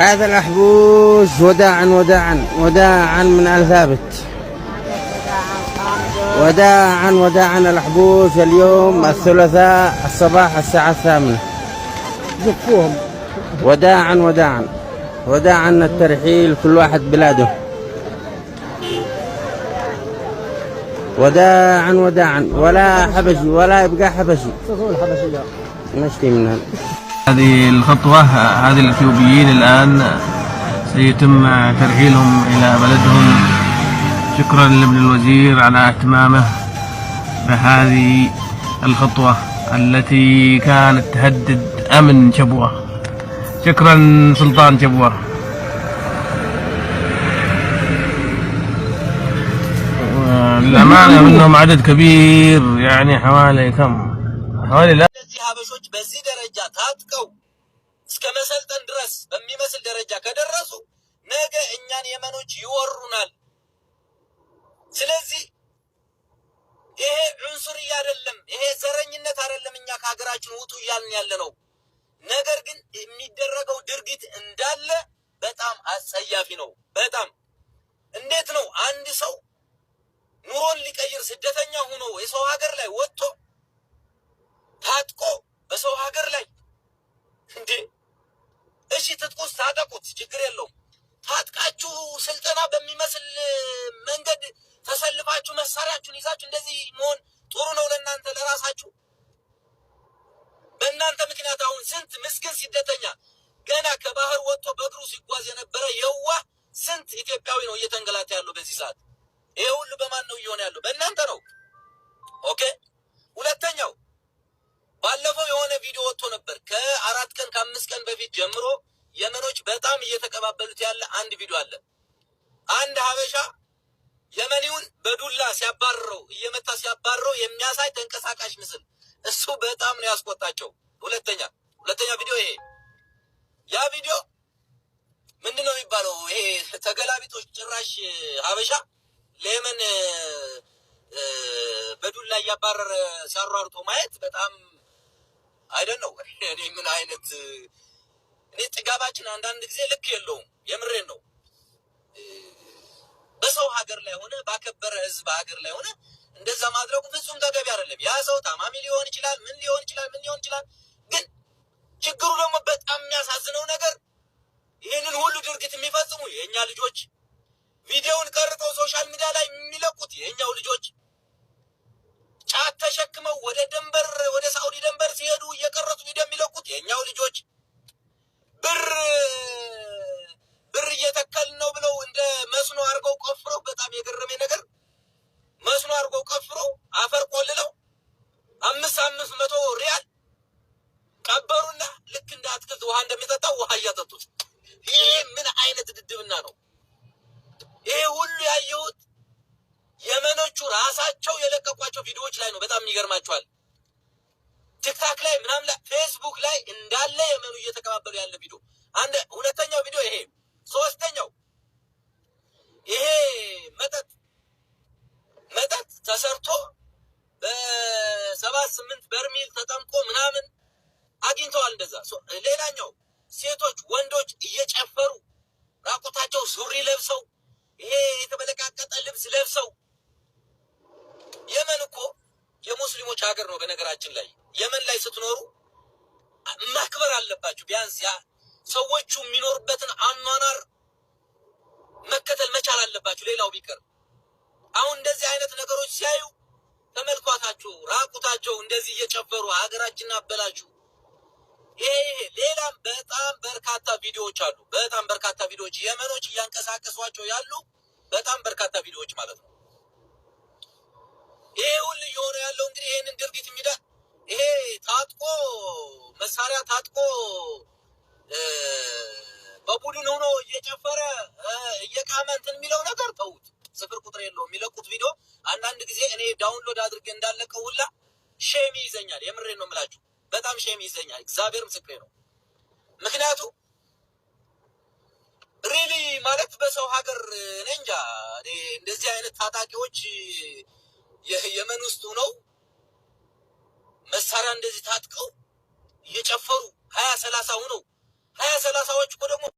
هذا الأحبوس وداعا وداعا وداعا من آل ثابت وداعا وداعا الأحبوس اليوم الثلاثاء الصباح الساعة الثامنة زفوهم وداعا وداعا وداعا الترحيل كل واحد بلاده وداعا وداعا ولا حبشي ولا يبقى حبشي نشتي منها هذه الخطوة هذه الاثيوبيين الآن سيتم ترحيلهم إلى بلدهم شكرا لابن الوزير على اتمامه بهذه الخطوة التي كانت تهدد أمن شبوة شكرا سلطان شبوة للأمانة منهم عدد كبير يعني حوالي كم እነዚህ ሀበሾች በዚህ ደረጃ ታጥቀው እስከ መሰልጠን ድረስ በሚመስል ደረጃ ከደረሱ ነገ እኛን የመኖች ይወሩናል። ስለዚህ ይሄ ዑንሱርያ አይደለም፣ ይሄ ዘረኝነት አይደለም። እኛ ከሀገራችን ውጡ እያልን ያለ ነው። ነገር ግን የሚደረገው ድርጊት እንዳለ በጣም አጸያፊ ነው። በጣም እንዴት ነው አንድ ሰው ኑሮን ሊቀይር ስደተኛ ሆኖ የሰው ሀገር ላይ ወጥቶ ችግር የለውም። ታጥቃችሁ ስልጠና በሚመስል መንገድ ተሰልፋችሁ መሳሪያችሁን ይዛችሁ እንደዚህ መሆን ጥሩ ነው ለእናንተ ለራሳችሁ። በእናንተ ምክንያት አሁን ስንት ምስኪን ስደተኛ ገና ከባህር ወጥቶ በእግሩ ሲጓዝ የነበረ የዋ ስንት ኢትዮጵያዊ ነው እየተንገላታ ያለው በዚህ ሰዓት። ይሄ ሁሉ በማን ነው እየሆነ ያለው? በእናንተ እያባበሉት ያለ አንድ ቪዲዮ አለ። አንድ ሀበሻ የመኒውን በዱላ ሲያባርረው እየመታ ሲያባርረው የሚያሳይ ተንቀሳቃሽ ምስል እሱ በጣም ነው ያስቆጣቸው። ሁለተኛ ሁለተኛ ቪዲዮ ይሄ ያ ቪዲዮ ምንድን ነው የሚባለው? ይሄ ተገላቢጦች ጭራሽ ሀበሻ ለየመን በዱላ እያባረረ ሲያሯርጦ ማየት በጣም አይደን ነው። እኔ ምን አይነት እኔ ጥጋባችን አንዳንድ ጊዜ ልክ የለውም። የምሬን ነው። በሰው ሀገር ላይ ሆነ ባከበረ ህዝብ ሀገር ላይ ሆነ እንደዛ ማድረጉ ፍጹም ተገቢ አይደለም። ያ ሰው ታማሚ ሊሆን ይችላል፣ ምን ሊሆን ይችላል፣ ምን ሊሆን ይችላል። ግን ችግሩ ደግሞ በጣም የሚያሳዝነው ነገር ይህንን ሁሉ ድርጊት የሚፈጽሙ የእኛ ልጆች ቪዲዮውን ቀርጠው ሶሻል ሚዲያ ላይ የሚለቁት የእኛው ልጆች ጫት ተሸክመው ወደ ደንበር ወደ ሳውዲ ደንበር ሲሄዱ እየቀረጹ ቪዲዮ የሚለቁት የእኛው ልጆች አፈር ቆልለው አምስት አምስት መቶ ሪያል ቀበሩና ልክ እንደ አትክልት ውሃ እንደሚጠጣው ውሃ እያጠጡት። ይሄ ምን አይነት ድድብና ነው? ይሄ ሁሉ ያየሁት የመኖቹ ራሳቸው የለቀቋቸው ቪዲዮዎች ላይ ነው። በጣም ይገርማቸዋል። ቲክታክ ላይ ምናምን፣ ፌስቡክ ላይ እንዳለ የመኑ እየተቀባበሉ ያለ ቪዲዮ አንድ። ሁለተኛው ቪዲዮ ይሄ ተሰርቶ በሰባት ስምንት በርሜል ተጠምቆ ምናምን አግኝተዋል። እንደዛ ሌላኛው ሴቶች ወንዶች እየጨፈሩ ራቁታቸው ሱሪ ለብሰው ይሄ የተበለቃቀጠ ልብስ ለብሰው የመን እኮ የሙስሊሞች ሀገር ነው። በነገራችን ላይ የመን ላይ ስትኖሩ ማክበር አለባችሁ። ቢያንስ ያ ሰዎቹ የሚኖርበትን አኗኗር መከተል መቻል አለባችሁ። ሌላው ቢቀር አሁን እንደዚህ አይነት ነገሮች ሲያዩ ተመልኳታችሁ ራቁታቸው እንደዚህ እየጨፈሩ ሀገራችን አበላችሁ። ይሄ ሌላም በጣም በርካታ ቪዲዮዎች አሉ። በጣም በርካታ ቪዲዮዎች የመኖች እያንቀሳቀሷቸው ያሉ በጣም በርካታ ቪዲዮዎች ማለት ነው። ይሄ ሁሉ የሆነ እንዳለቀው ሁላ ሸሚ ይዘኛል። የምሬ ነው የምላችሁ፣ በጣም ሼሚ ይዘኛል። እግዚአብሔር ምስክሬ ነው። ምክንያቱም ሪሊ ማለት በሰው ሀገር እኔ እንጃ እንደዚህ አይነት ታጣቂዎች የመን ውስጥ ነው መሳሪያ እንደዚህ ታጥቀው እየጨፈሩ ሀያ ሰላሳ ሁነው ሀያ ሰላሳዎች እኮ ደግሞ